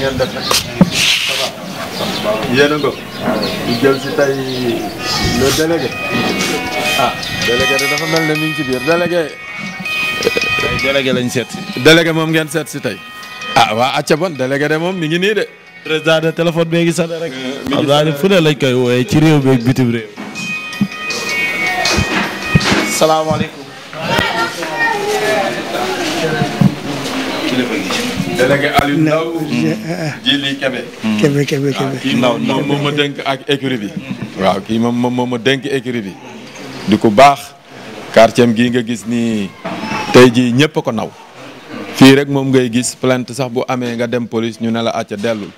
ngeen def rek. yéen a ngi ko. ñu jël si tey le délégué. ah délégué de dafa mel ne mi ngi ci biir délégué. tey délégué lañ seet si. délégué moom ngeen seet si tey. ah waa acca bon délégué de moom mi ngi nii de. président de téléphone bee ngi sane rek. Euh, mi ngi sane fu ne lañ koy wooyee ci réew mi ak bitim réew. salaamaaleykum. kilifa gi. délégué Aliou moom ma dénk ak écurie bi. waaw kii moom moom ma dénk écurie bi. di ko baax quartier am gii nga gis nii tey jii ñëpp a ko naw. fii rek moom ngay gis plainte sax bu amee nga dem police ñu ne la acca dellul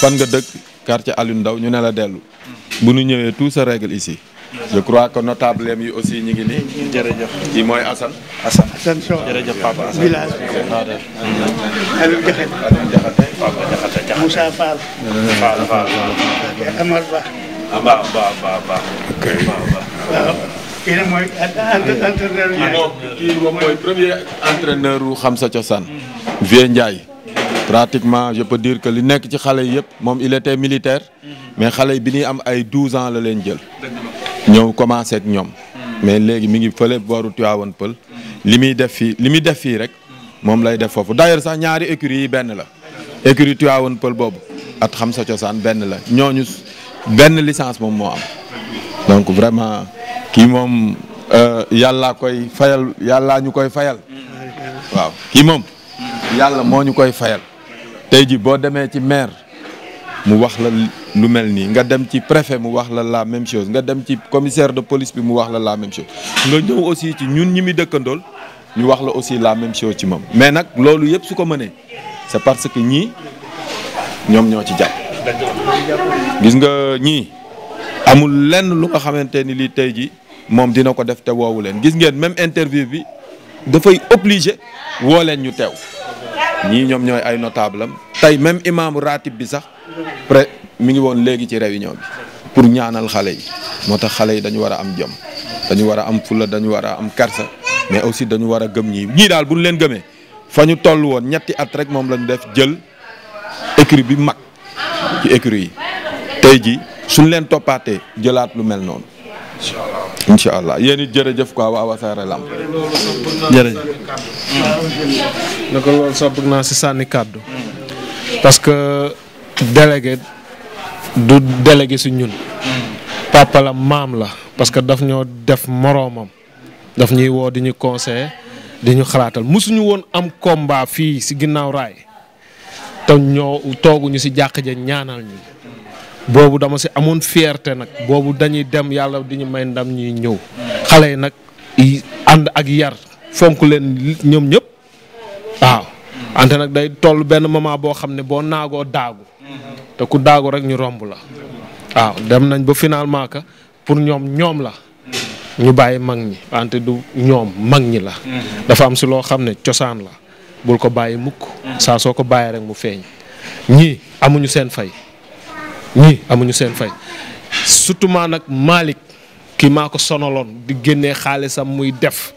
fan nga dëkk quartier Aliou Ndao ñu ne la dellu bu nu ñëwee tout sa règle ici. je crois que notable yi aussi ñu ngi nii. jërëjëf kii mooy Assane. Assane Assane Sow jërëjëf Papa Assane village Aliou Diakhaté Aliou Diakhaté Papa Diakhaté Moussa Fall. Fall Fall Amar Ba. Ah, ba Ba Ba Ba. ok waaw. kii nag mooy entraîneur Ndiaye. wu xam sa cosaan. Vieux Ndiaye. pratiquement je peux dire que li nekk ci xale yëpp militaire. Mhm. mais xale yi bi ñuy am ay 12 ans la leen jël. ñëw commencé ñoom. mais léegi mi ngi fële booru Tivaouane Pël. li muy def fii li muy def fii rek moom lay def foofu d'ailleurs sax ñaari écuries yi benn la. écurie Tivaouane Pël boobu at xam sa cosaan benn la ñooñu benn licence moom moo am. donc vraiment kii moom euh, yàllaa koy fayal yàllaa ñu koy fayal. waaw kii moom. yàlla moo ñu koy fayal. tey ji boo demee ci maire mu wax la. lu mel nii nga dem ci préfet mu wax la la même chose nga dem ci commissaire de police bi mu wax la la même chose nga ñëw aussi ci ñun ñi muy dëkkandool ñu wax la aussi la même chose ci moom mais nag loolu yëpp su ko mënee c'est parce que ñii ñoom ñoo ci jàpp gis nga ñii amul lenn lu nga xamante ni lii tey ji moom dina ko def te woowu leen gis ngeen même interview bi dafay obligé woo leen ñu teew ñii ñoom ñooy ay notable am tey même imaamu ratib bi sax mi ngi woon léegi ci réunion bi pour ñaanal xale yi moo tax xale yi dañu war a am jom dañu war a am fulla dañu war a am karsa mais aussi dañu war a gëm ñii ñii daal bu ñu leen gëmee fa ñu toll woon ñetti at rek moom lañu def jël écurie bi mag ci écurie yi tey ji suñ leen toppaatee jëlaat lu mel noonu. incha allah incha allah yéen it jërëjëf quoi waa Wassare jërëjëf. si sànni kàddu. parce que délégué. du délégué si ñun papa maam la parce que daf ñoo def moroomam daf ñuy woo di ñu conseiller di ñu xalaatal mosuñu woon am komba fii si ginnaaw raay te ñoo tooguñu si jàq ja ñaanal ñu boobu dama si amoon fierte nag boobu dañuy dem yàlla di ñu may ndam ñuy ñëw xale yi nag ànd ak yar fonk leen ñoom ñëpp waaw ante nag day toll benn moment boo xam ne boo naagoo daagu te ku daagu rek ñu romb la waaw dem nañ ba finalement que pour ñoom ñoom la ñu bàyyi mag ñi wante du ñoom mag ñi la dafa am si loo xam ne cosaan la bul ko bàyyi mukk saa soo ko bàyyi rek mu feeñ ñii amuñu seen fay ñii amuñu seen fay surtout maa nag Malick kii maa ko sonaloon di génnee xaalisam muy def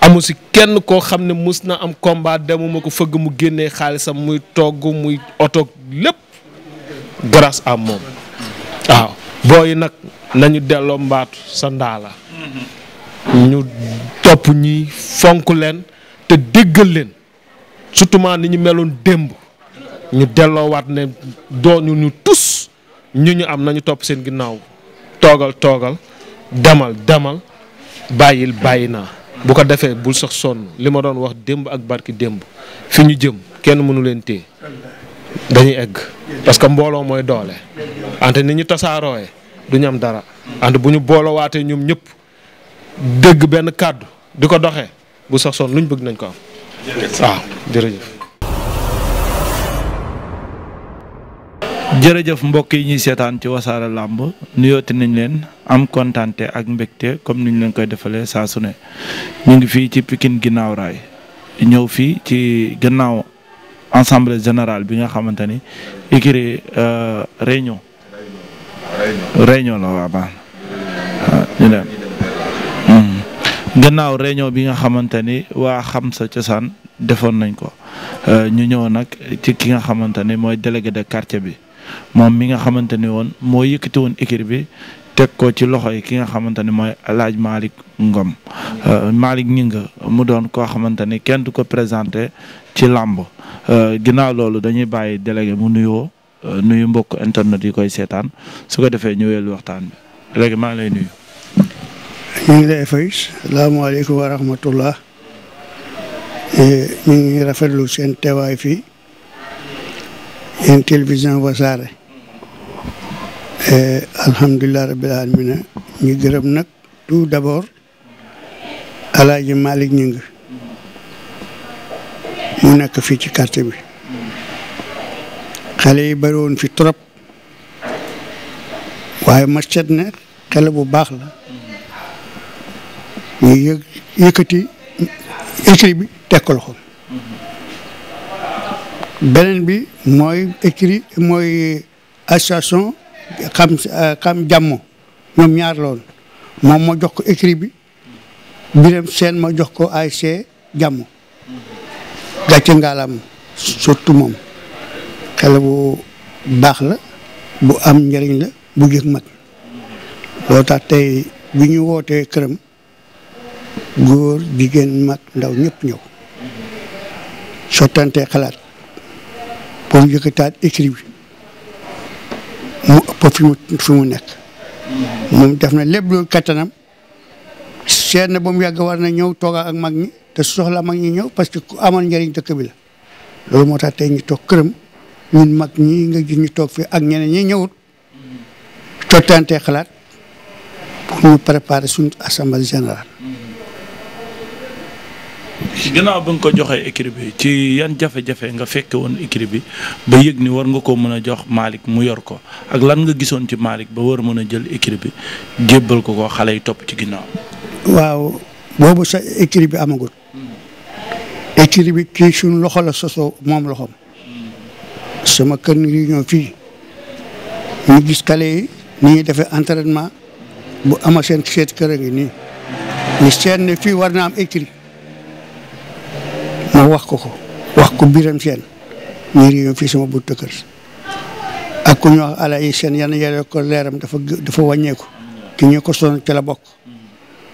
amu si kenn koo xam ne mus na am combat demuma ko fëgg mu génnee xaalisam muy togg muy oto lépp grâce à moom waaw booy nag nañu delloo mbaatu sa ndaala la ñu topp ñi fonk leen te déggal leen surtout ni ñu meloon démb ñu delloowaat ne doonu ñu tus ñu ñu am nañu topp seen ginnaaw toogal toogal demal demal bàyyil bàyyi naa bu ko defee bul sox sonn li ma doon wax démb ak barki démb fi ñu jëm kenn mënu leen téye dañuy egg parce que mbooloo mooy doole ant ni ñu tasaarooyee du ñu am dara ante bu ñu boolowaatee ñoom ñëpp dégg benn kàddu di ko doxe bu sax sonn lu ñu bëgg nañ ko am jërëjëf jërëjëf mbokk yi ñuy seetaan ci wasaare làmb nuyooti nañ leen am kontante ak mbégte comme niñ leen koy defalee saa su ne ñu ngi fii ci Pikine ginnaaw raay ñëw fii ci gannaaw assemblée général bi nga xamante ni écrit euh, réunion réunion la waa baax ah, ñu dem hmm. gannaaw réunion bi nga xamante ni waa xam sa cosaan defoon nañ ko euh, ñu ñëw nag ci ki nga xamante ni mooy délégué de quartier bi moom mi nga xamante ne woon moo yëkkati woon équipe bi teg ko ci loxo yi ki nga xamante ne mooy Alaaj Malick Ngom mm-hmm. euh, Malick Gningue mu doon koo xamante ne kenn du ko présenté ci làmb euh, ginnaaw loolu dañuy bàyyi délégué mu nuyoo euh, nuyu mbokk internet yi koy seetaan su ko defee ñu wéyal waxtaan bi léegi maa ngi lay nuyu. ñu ngi lay fay salaamaaleykum wa rahmatullah ñu ngi rafetlu seen teewaay fii. en télévision Wassare eh, alhamdulilah rabbil alamina ñu gërëm nag tout d'abord alaaji Malick Ñing mu nekk fii ci karti bi xale yi bari woon fi trop waaye ma seet ne xale bu baax la ñu yëkkati écrit bi teg ko beneen bi mooy écrit mooy association xam xam jàmm ñoom ñaar lool moom ma jox ko écrit bi Birame Sène ma jox ko ASC jàmm gàcce ngaalam surtout moom xel bu baax la bu am njëriñ la bu jëkk mag loo tax tey bi ñu wootee këram góor jigéen mag ndaw ñëpp ñëw sottante xalaat boo mu yëkkataat écrit bi mu ëpp fi mu fi mu nekk moom def na lépp loolu kattanam seet na ba mu yàgg war na ñëw toogaa ak mag ñi te soxla mag ñi ñëw parce que ku amal njëriñ dëkk bi la loolu moo tax tey ñu toog këram ñun mag ñi nga gis ñu toog fii ak ñeneen ñi ñëwut cottante xalaat pour ñu préparer suñu ginnaaw ba nga ko joxee écrit bi ci yan jafe-jafe nga fekke woon écrit bi ba yëg ni war nga ko mën a jox Malick mu yor ko ak lan nga gisoon ci Malick ba war mën a jël écrit bi jébbal ko ko xale yi topp ci ginnaaw. waaw boobu sa écrit bi amagul. Hmm. écrit bi kii suñu loxo la sosoo moom loxoom. Hmm. sama kër yi ñoo fii ñu gis kale yi ni ñuy defee entraînement bu ama seen seet kër a ngi nii hmm. ñu seet ne fii war na am écrit mu wax ko ko wax ko biram seen ñu réewam fii sama buntu kër ak ku ñu wax ala yi seen yan yàlla ko leeram dafa dafa wàññeeku ki ñu ko sonal ci la bokk.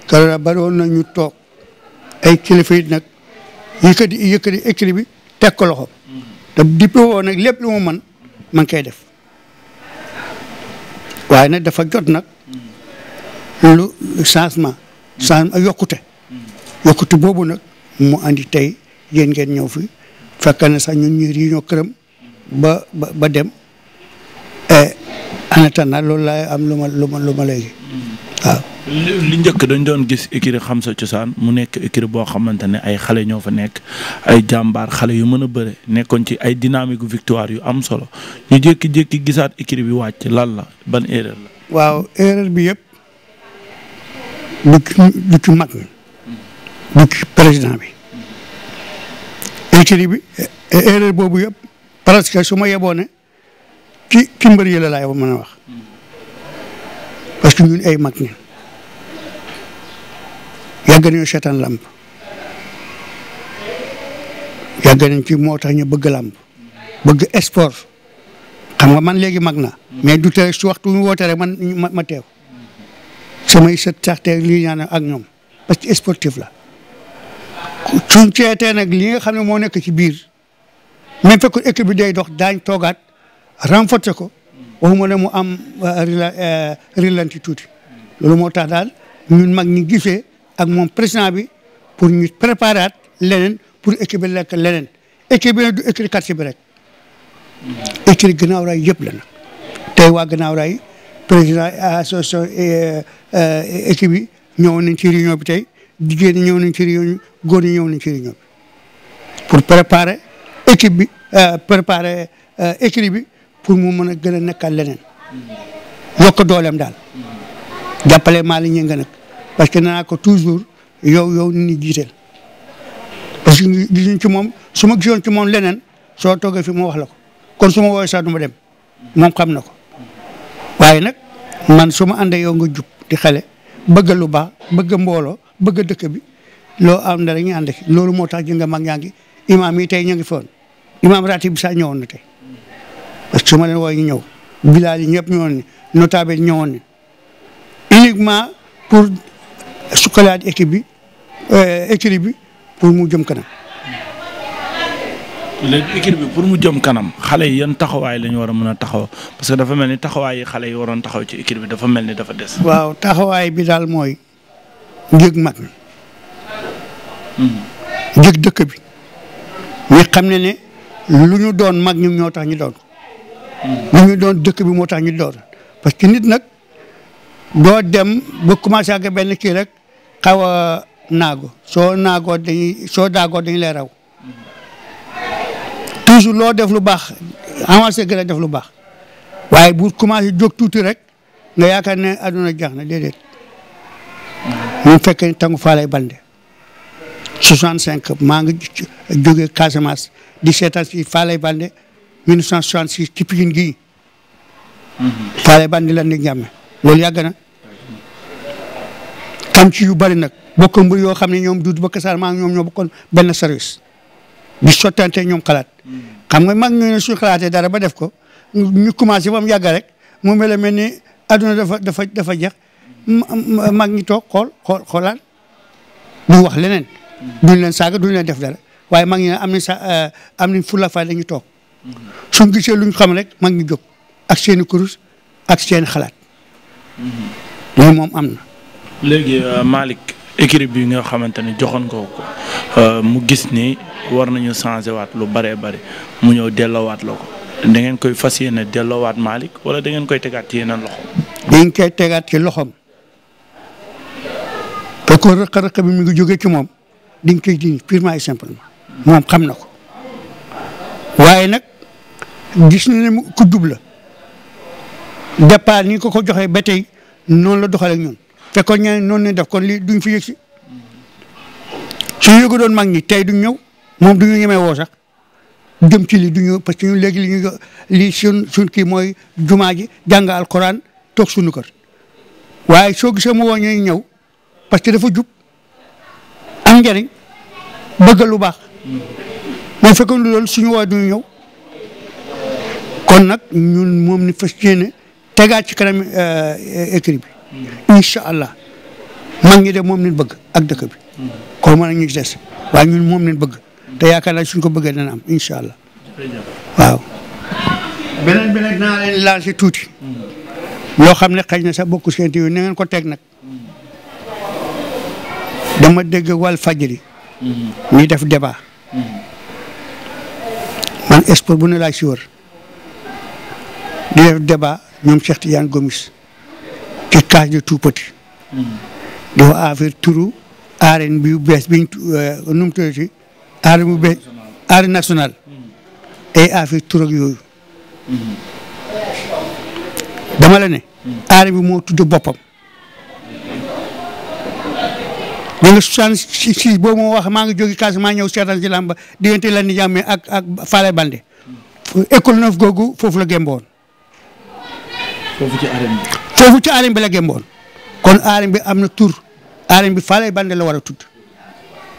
keroog bari woon na ñu toog ay kilifa nag yëkkati yëkkati écrit bi teg ko loxo te nag lépp lu mu mën man koy def waaye nag dafa jot nag lu changement. changement yokkute. yokkute boobu nag mu andi tey yéen ngeen ñëw fi fekk na sax ñun ñu réunion këram ba ba ba dem et eh, en attendant loolu laay am lu ma lu ma lu ma léegi waaw. li njëkk dañ doon gis écurie xam sa cosaan mu nekk écurie boo xamante ne ay xale ñoo fa nekk ay jàmbaar xale yu mën a bëre nekkoon ci ay dynamique victoire yu am solo ñu jékki-jékki gisaat écurie bi wàcc lan la ban erreur la. waaw erreur bi yëpp du mag du ci président bi. écurie bi e, e, erreur boobu yëpp parce que su ma yeboo ne ki ki mbër yi la laay mën a wax parce que ñun ay mag ñi yàgg nañu seetaan làmb yàgg nañ ci moo tax ñu bëgg làmb bëgg sport xam nga man léegi mag na mais du tere su waxtu ñu woote rek man ma teew samay sët sax te lii ñaan ak ñoom parce que la suñ seetee nag li nga xam ne moo nekk ci biir même fekk équipe bi day dox daañ toogaat renforcer ko waxuma ne mu am euh, rilanti euh, tuuti loolu moo tax daal ñun mag ñi gisee ak moom président bi pour ñu préparer leneen pour équipe bi lekk leneen équipe bi du équipe quartier bi rek équipe gannaaw raay yëpp la nag tey waa gannaaw raay président association euh, équipe yi ñëwoon nañ ci réunion bi tey jigéen ñi ñëw nañ ci réunion góor ñi ñëw nañ ci réunion bi pour préparer équipe bi euh, préparer euh, écrit bi pour mu mën a gën a nekkal leneen yokk doolem daal jàppale maa la ñu nga nag parce que nee naa ko toujours yow yow ni ñu jiiteel parce que gisuñ ci moom su ma gisoon ci moom leneen soo toogee fi mu wax la ko kon su ma woowee sax du ma dem moom xam na ko waaye nag man su ma àndee yow nga jub di xale bëgg ba baax bëgg mbooloo bëgg dëkk bi loo am na ànd loolu moo tax gis nga mag ñaa ngi imaam yi tey ñu ngi foon imaam ratib bi sax ñëwoon na tey parce que su ma leen wooyee ñu ñëw bilaal yi ñëpp ñëwoon ni notable ñëwoon ni uniquement pour sukkalaat équipe bi euh, équipe bi pour mu jëm kanam. léegi équipe bi pour mu jëm kanam xale yi yan taxawaay la ñu war a mën a taxaw parce que dafa mel ni taxawaay yi xale yi waroon taxaw ci équipe bi dafa mel ni dafa des. waaw taxawaay bi daal mooy njëg mag mi jig dëkk bi ñu xam ne ne lu ñu doon mag ñu ñoo tax ñu doon lu ñu doon dëkk bi moo tax ñu doon parce que nit nag doo dem ba commencé ak benn kii rek xaw a naago soo naagoo dañuy soo daagoo dañu lay raw toujours loo def lu baax avancé gën def lu baax waaye bu commencé jóg tuuti rek nga yaakaar ne aduna jeex na déedéet mu fekkee tangu faalay bande 65 maa ngi jóge Casamance di seetaan si Faalay Bande 1966 ci Pikine gii. Mhm. Faalay Bande la nekk ñàmme loolu yàgg na. xam ci yu bëri nag bokk mbir yoo xam ne ñoom Doudou Baka Sarr maa ngi ñoom ñoo bokkoon benn service. di sottante ñoom xalaat. Mhm. xam nga mag ñu ne dara ba def ko ñu commencé ba mu yàgg rek mu mel mel ni adduna dafa dafa dafa jeex mag ñi toog xool xool xoolaan ñu wax leneen. duñ leen saaga duñ leen def dara waaye mag ñi am nañ sa euh, am nañ fulla fay dañu toog suñ gisee luñ xam rek mag ñi jóg ak seen kurus ak seen xalaat loolu moom am na. léegi euh, Malick équipe bi nga xamante ne joxoon ko ko euh, mu gis ni war nañu changé waat lu bëree bëri mu ñëw delloowaat la ko da ngeen koy fas yéene delloowaat Malick wala da ngeen koy tegaat ci yeneen loxoom. dañ koy tegaat ci loxoom. parce que rëq-rëq bi mu ngi jógee ci moom. dañ koy dindi purement et simplement moom xam na ko waaye nag gis na ne mu ku jub la départ ni ko ko joxee ba tey noonu la doxalee ak ñun fekkoon ñaa ne noonu lañ def lii duñ fi yëg si su yëgu doon mag ñi tey duñ ñëw moom duñu ñemee woo sax jëm ci li ñëw parce que ñun léegi li ñu lii sun sun kii mooy jumaa ji jàng alquran toog sunu kër waaye soo gisee woo ñuy ñëw parce dafa jub njëriñ bëgg lu baax mais fekk lu loolu suñu waa duñu ñëw kon nag ñun moom ni fas yéene tegaat ci kanam euh, écrit bi incha allah mag ñi de moom leen bëgg ak dëkk bi kon mën ñu ci des waaye ñun moom leen bëgg te yaakaar naa suñ ko bëggee dana am incha allah waaw beneen bi nag naa laal si tuuti loo xam ne xëy na sax bokku seen yu na ngeen ko teg nag dama dégg wal fajri ñuy def débat man sport bu ne laay si wër di def débat ñoom Cheikh Tidiane Gomis ci cage de tout di wax affaire turu arène bi bees biñ euh, nu mu tuddati arène bu bees yooyu dama la ne arène bi moo tudd boppam wala 66 boobu moo wax maa ngi jóg jóge Casamance ñëw seetaan ci làmba diggante la ni jàmme ak ak Fale Bande. école neuf googu foofu la gémboon. foofu ci arène bi. foofu ci arène bi la gémboon. kon arène bi am na tur arène bi Fale Bande la war a tudd.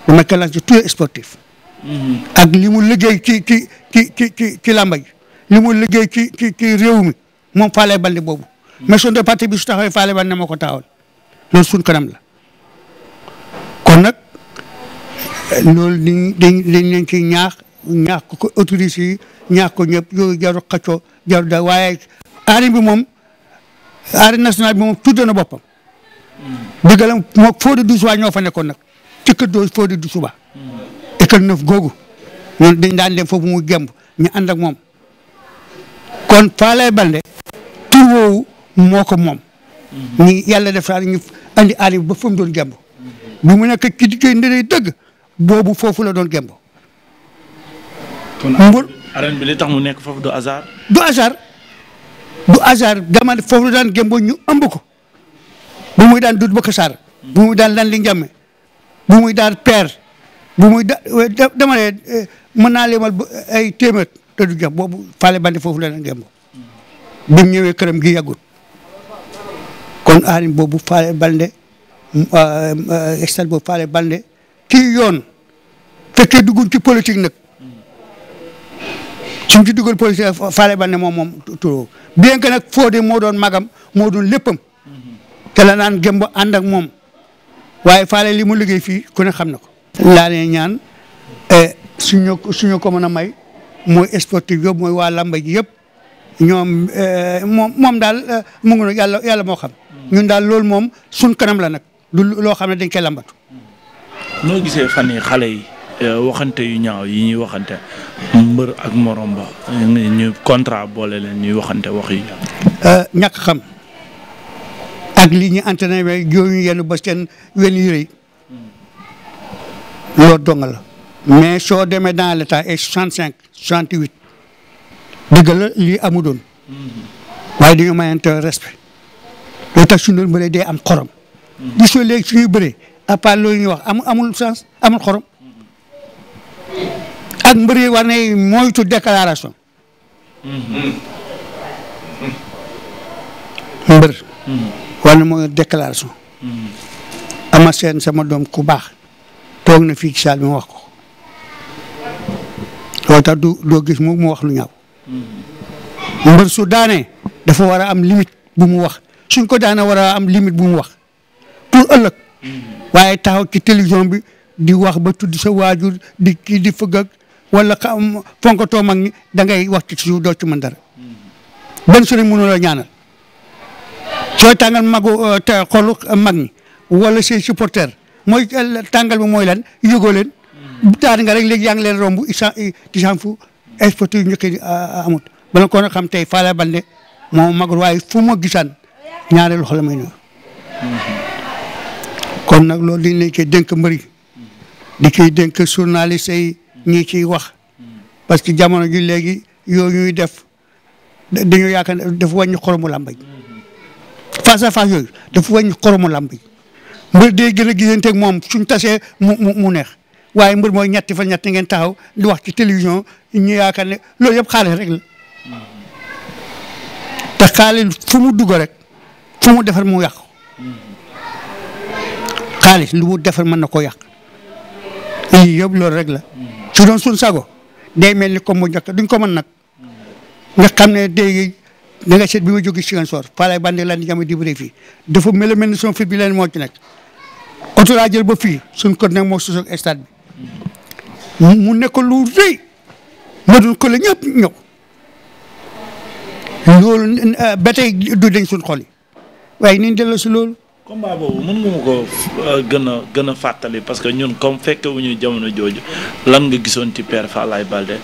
bu ma kàllaan ci tous sportif. Mm-hmm. ak li mu liggéey ki ki ci ci ci ci làmba ji. li mu liggéey ci ci ci réew mi moom Fale Bande boobu. Mm-hmm. mais suñu parti bi su taxawee Fale Bande moo ko taawal loolu suñ kanam la. kon nag loolu liñ dañ dañ ñaax ñaax ko autorités ñaax ko ñëpp yooyu jaru xaccoo jaru da waaye arène bi moom arène nationale bi moom tudde na boppam dëgg la moo Fodé Doussouba ñoo fa nekkoon nag ci kër doo Fodé Doussouba école neuf googu ñoom dañ daan dem foofu mu gemb ñu ànd ak moom kon Falaye Baldé tur woowu moo ko moom ñu mm. yàlla def daal ñu andi arène bi ba fa mu doon gemb bi mu nekk ki di ndey dëgg boobu foofu la doon gemb. kon arène bi li tax mu nekk foofu doo hasard. du hasard du hasard dama foofu la daan gembo ñu ëmb bu muy daan dut ba kasaar. bu muy daan lan li bu muy daan peer bu muy da eh, dama eh, naa leemal eh, ay téeméer te du jëm boobu Fale Bandi foofu la daan gembo bi mu ñëwee këram gi yàggul kon arène boobu Fale Bande. extel boobu Fale Bande kii yoon fekkee dugg ci politique nag suñ ci duggal politique Fale Bande moom moom turoo bien que nag Fodé moo doon magam moo doon léppam te la naan gëmb ànd ak moom waaye Fale li mu liggéey fii ku xam na ko. laa ñaan e, suñu suñu ko mën a may mooy sportif yëpp mooy waa lamba ji yëpp ñoom e, moom moom daal e, mu yàlla yàlla moo xam. ñun daal loolu moom suñ kanam la nag. du loo xam ne dañ koy lambatu. noo gisee fan xale yi euh, waxante yu ñaaw yi ñuy waxante mbër ak morom ba ñu contrat boole leen ñuy waxante wax yi. Euh, ñàkk xam ak li ñu antene waaye yooyu yenn ba seen wenn yu rëy loolu mais soo demee dans l'état ay soixante cinq soixante huit dëgg la lii amu doon mm-hmm. waaye dañoo mayante respect loolu tax su ñu doon bëree dee am xorom. bu soo léegi suñuy bëree à part loolu ñuy wax amul amul sens amul xorom ak mbër yi war nañ moytu déclaration. mbër. war na mooy déclaration. ama seen sama doom ku baax toog na fii ci saal wax ko loolu du doo gis mu mu wax lu ñaaw. mbër su daanee dafa war a am limite bu mu wax suñ ko daanee war a am limite bu mu wax. tur ëllëg waaye taxaw ci télévision bi di wax ba tu tudd sa waajur di kii di fëgg ak wala xam mm, fonkatoo mag ñi da ngay wax ci suuf doo ci mën dara benn sëriñ mënu la ñaanal sooy tàngal magu euh, te xolu euh, mag ñi wala say supporter mooy euh, tàngal bi mooy lan yëgoo leen bu nga rek léegi yaa ngi leen romb isa tisan fu exporté yu njëkk amut bala ko xam tey Fala Baldé moo magul waaye fu ma gisaan ñaareelu xol may nuyu kon nag loolu liñ lañ koy dénk mbëri di koy dénk journaliste yi ñi ciy wax parce que jamono ji léegi yooyu ñuy def dañoo yaakaar ne dafa wàññi xoromu làmbañ face à face yooyu dafa wàññi xoromu làmbañ mbër day gën a gisanteeg moom suñ tasee mu neex waaye mbër mooy ñetti fa ñetti ngeen taxaw di wax ci télévision ñu yaakaar ne loolu yëpp xaalis rek la te xaalis fu mu dugg rek fu mu defar mu yàqu xaalis lu mu defar mën na ko yàq yow yëpp loolu rek la su doon suñ sago day mel ni comme mu njëkk duñ ko mën nag nga xam ne day da nga seet bi ma jóge Ziguinchor falay bandi lan ni jama di bëré fii dafa mel a mel ni sama fit moo ci nekk oto laa jël ba fii suñ ko nag moo susoog stade bi mu nekk lu rëy ma doon ko la ñëpp ñëw loolu ba tey du dañ suñ xol yi waaye niñ delloo si combat boobu mën nga ma ko euh, gën a gën a fàttali parce que ñun comme fekke wu ñu jamono jooju lan nga gisoon ci père Falaye Balde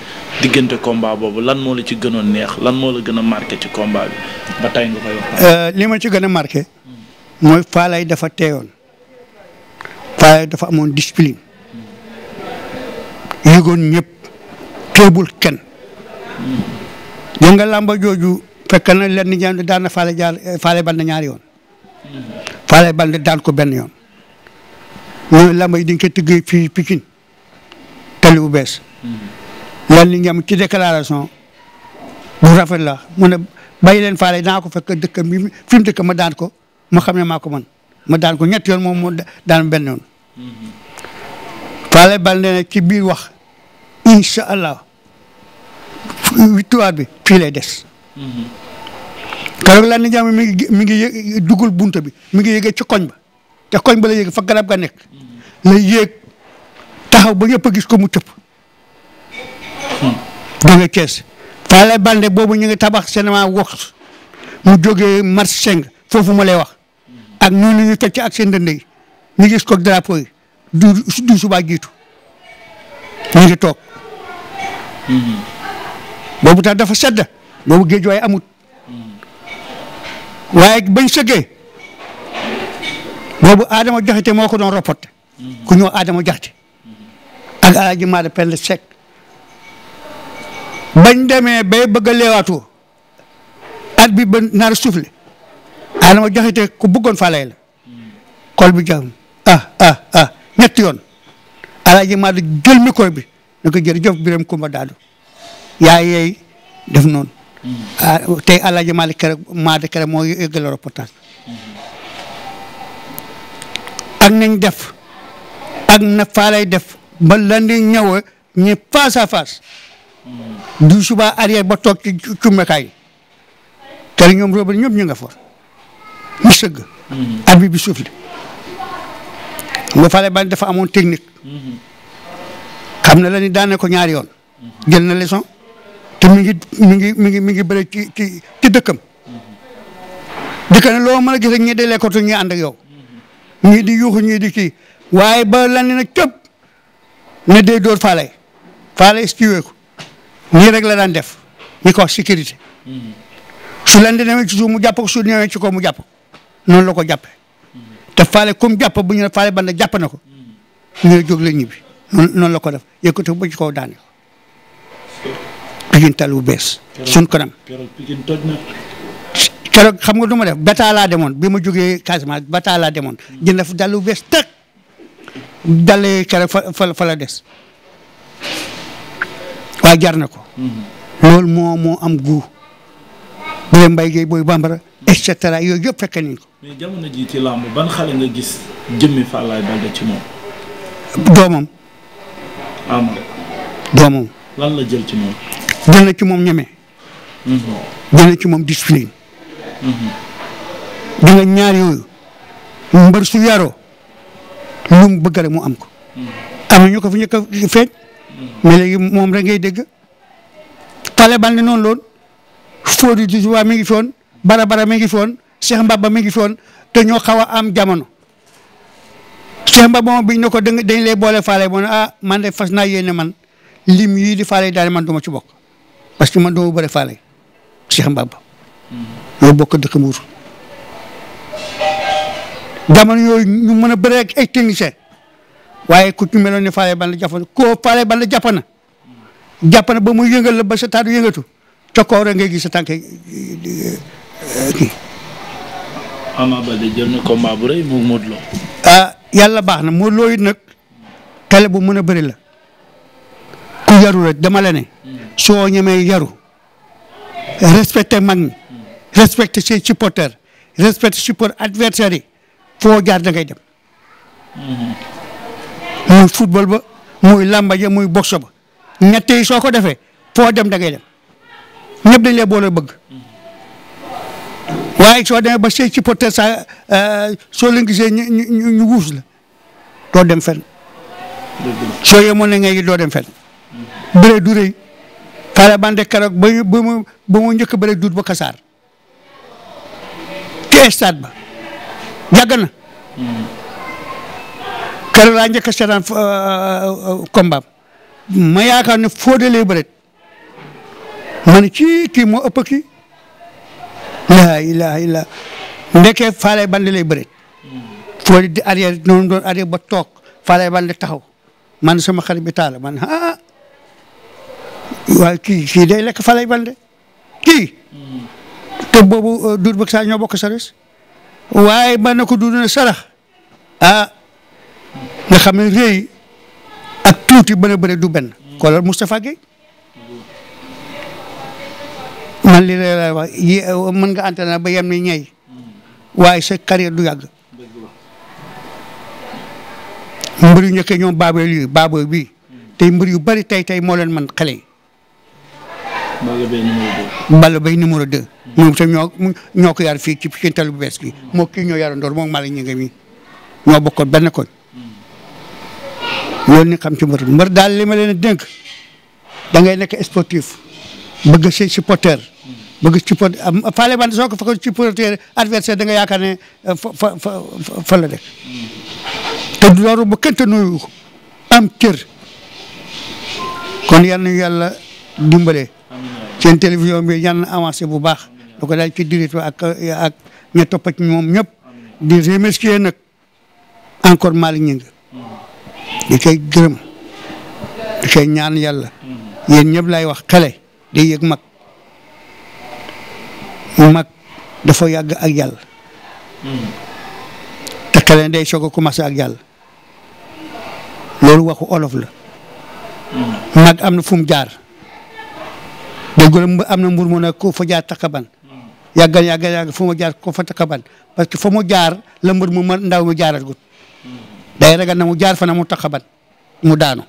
diggante combat boobu lan moo la ci gënoon neex lan moo la gën a marqué ci combat bi ba tey nga euh, li ma ci gën a marqué mooy Falaye dafa teeyoon Falaye dafa amoon discipline yëgoon ñépp teebul kenn ya nga làmba jooju fekk na lenn ñaan daan na Falaye Balde ñaari yoon. Falaye Baldé daan ko benn yoon ñooñu làmb yi dañ koy tëggee fii Pikine tali wu bees. lan li nga am ci déclaration bu rafet la mu ne bàyyi leen Falaye naa ko fekk dëkk bi fi mu dëkk ma daan ko ma xam ne ko mën ma daan ko ñett yoon moom daan benn yoon. Mm-hmm. Falaye Baldé ne ci biir wax incha allah victoire bi fii lay des. Mm-hmm. keroog lan ni jaam mi ngi mi ngi yë duggul bunta bi mi ngi yëgee ci koñ ba te koñ ba la yëg fa garab ga nekk la yéeg taxaw ba ñëpp a gis ko mu tëpp. jóge Thiès Fale Bande boobu ñu ngi tabax cinéma wax mu jógee Mars Seng foofu ma lay wax ak ñooñu ñu teg ci ak seen dënd ñu gis ko drapeau yi du du subaa jiitu ñu ngi toog. Mm-hmm. boobu tax dafa sedd boobu géej waay amut. waaye bañ sëggee boobu Adama Jaxate moo ko doon roppote ku ñëw Adama Jaxate ak Alaaji Maada Pend Seck bañ demee bay bëgg a leewaatu at bi ba naar suufle Adama Jaxate ku bëggoon falay la xol bi jaam ah, ah, ah yoon Alaaji Maada jël micro bi na ko jërëjëf Biram Kumba Daadu yaa def noonu ah tey El Hadj Kere Madi Kere moo reportage ak nañ def ak na faa def ba landi ñëw ñu face à face du suba arrière ba toog ci cummekaay te ñoom Robert ñëpp ñu nga for ñu sëgg. Mm-hmm. abi bi suuf li nga ba dafa amoon technique. Mm-hmm. xam na la ni daan ko ñaari yoon. Mm-hmm. jël na leçon. te mi ngi mi ngi mi ngi mi ngi bëri ci ci ci dëkkam dëkk ne loo mën a gis ak ñii day lekkatu ànd ak yow ñii di yuuxu ñii di kii waaye ba lan ne nag cëpp ne day dóor faale faale estiwee ko nii rek la daan def ñu ko wax su lan di demee ci suuf mu jàpp ko su ñëwee ci kaw mu jàpp noonu la ko jàppee te faale comme jàpp bu ñu ne faale band jàpp na ko ñu jóg la ñibbi noonu la ko def yëkkati ba ci kaw daane Pikine tal bu bees. suñ kanam keroog keroog xam nga duma def bataa laa demoon bi ma jógee Casamance bataa laa demoon hmm. jënd fa dàll bu bees tëkk dàll keroog fa fa la des waaye jar na ko. Hmm. loolu moo moo am gu. bu mbay gay booy bambara et yooyu yëpp fekke nañ ko. jii ci làmb ban gis jëmmi Falaye Baldé doomam. doomam. la jël jël na ci moom ñeme. Mm-hmm. jël ci moom discipline. di mm-hmm. nga ñaar yooyu mbër su yaroo lu mu am ko. Mm-hmm. am ñu ko fi njëkk a feeñ. mais moom rek ngay dégg. Kale Baldé noonu loon Fodou Diouba mi ngi fi woon Barabara mi ngi fi woon Cheikh Mbaba mi ngi fi woon te ñoo xaw a am jamono. Cheikh Mbaba moom biñ ne ko dañ lay boole faale moo ne ah man de fas naa yéene man lim yii di faale daal man du ma ci bokk. parce que man dama bëri faale Cheikh Mbaba. ñoo bokk dëkk Mbour. jamono yooyu ñu mën a bëree ak ay technicien waaye ku ci meloon ne faale ban la jàpp na koo ban la jàpp na ba muy yëngal la ba sa taatu yëngatu cokkoo rek ngay gis sa tànk eh, kii. Ama Baldé jël na combat bu rëy mu Modou Lo. ah yàlla baax na Modou Lo nag télé bu mën a bëri la ku yarul rek dama ne. soo ñemee yaru respecté mag ñi respecté ses supporters respecté support adversaire yi foo jaar da dem mm-hmm. muy football ba muy làmba ja muy boxe ba ñett yi soo ko defee foo dem da ngay dem ñëpp dañ lay boole bëgg mm-hmm. waaye soo demee ba say supporter sa euh, soo leen gisee ñu ñu doo dem fenn soo yemoon na ngay doo dem fenn bëree du Talla Bandé keroog ba mu ba mu njëkk a bëre duut ba kasaar ci stade ba yàgg na. keroog laa njëkk a seetaan euh, euh, euh, combat ma yaakaar ne Fodé lay kii moo ëpp kii laa ilaaha illa ndeke Falaye Bandé lay bëreet. Fodé di arrière noonu doon ba toog Falaye Bandé taxaw man sama xarit bi Talla man ah, waaye kii kii day lekk Falaye Baldé kii. te boobu euh, Doudou Bak Sadio ñoo bokk sares waaye mën na ko Doudou ne sarax ah nga xam ne réy ak tuuti bën a bëri du benn. xoolal man li lay wax euh, ba yem ni ñey waaye sa carrière du yàgg. mbër yu njëkkee ñoom baaboo lii baaboo bii tey mbër yu bari tey tey moo leen man xale Balla Gaye numéro 2. Balla Gaye numéro 2. moom itam ñoo ñoo ko yar fii ci Pikintal bu bees bi moo kii ñoo yarandoor moom Malick Ngingue mi ñoo bokkoon benn koñ. ni xam ci mbër mbër daal li ma leen dénk da ngay nekk sportif bëgg si supporter bëgg support faale band supporter adversaire da nga yaakaar ne euh, fa fa fa la def te loolu bu kente am cër kon yal na yàlla dimbale seen télévision bi yan avancé bu baax da ko daal ci directeur ak ak ña toppat moom ñëpp di remercier nag encore Malick Gningue di koy gërëm di koy ñaan yàlla yéen ñëpp lay wax xale day yëg mag mag dafa yàgg ak yàlla te xale day soog a commencé ak yàlla loolu waxu olof la mag am na fu mu jaar déggoo am na mbur mu ne ku fa jaar takkaban yàggal yàggal yàgg fu ma jaar ko fa takkaban parce que fa mu jaar la mbur mu ma ndaw mi jaaral gut day na mu jaar fa na mu takkaban mu daanu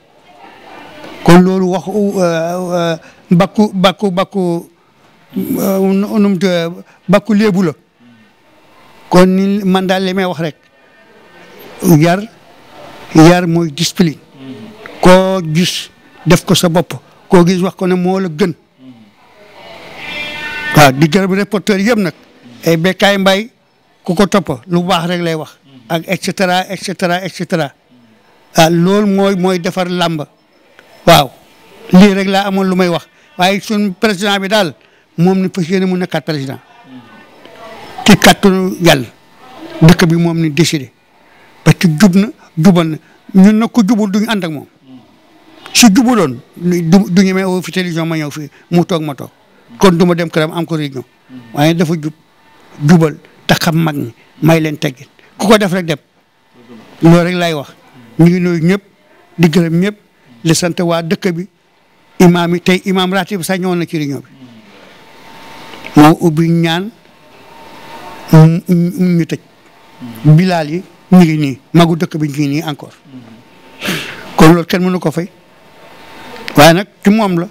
kon loolu wax uh, uh, bakku bakku bakku uh, num ni man daal li may wax rek yar yar mooy discipline mm-hmm. koo gis def ko sa bopp koo gis wax ko ne moo gën waaw di gërëm reporteur yëpp nag ay eh, Bécaye Mbaye ku ko topp lu baax rek lay wax ak et cetera et cetera et cetera ah, mooy mooy defar làmb waaw lii rek laa amoon lu may wax waaye suñ président bi daal moom ni fas yéene mu nekkaat président ci kàttanu yàlla dëkk bi moom ni décidé parce que jub na jubal na ñun nag ko jubul duñu ànd ak moom su jubuloon du ñu may woo fi ma ñëw fii mu toog ma toog kon du dem këram am ko réunion mm-hmm. waaye dafa jub jubal te xam mag ñi may leen teggin ku ko def rek dem loolu rek lay wax ñu ngi nuyu ñëpp di gërëm ñëpp di sant waa dëkk bi imaam yi tey imaam ratib sax ñëwoon na ci réunion bi moo ubbi ñaan ñu tëj mm-hmm. bilaal yi ñu ngi nii magu dëkk bi ñu ngi nii encore mm-hmm. kon loolu kenn mënu ko fay waaye nag ci moom la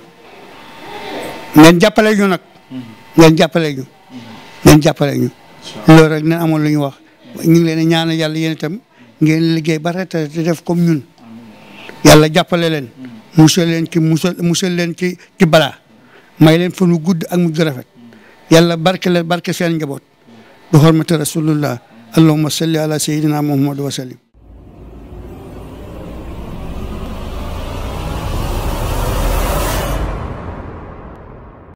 ngeen jàppale ñu nag. ngeen jàppale ñu. ngeen jàppale ñu. loolu rek neen amoon lu ñu wax ñu ngi leen di ñaanal yàlla yéen itam ngeen liggéey ba def comme ñun yàlla jàppale leen. musal leen ci musal musal leen ci ci balaa may leen fu nu gudd ak mujj rafet yàlla barke leen barke seen njaboot bi xormati rasulullah allahumma salli ala sayyidina muhammad wa sallim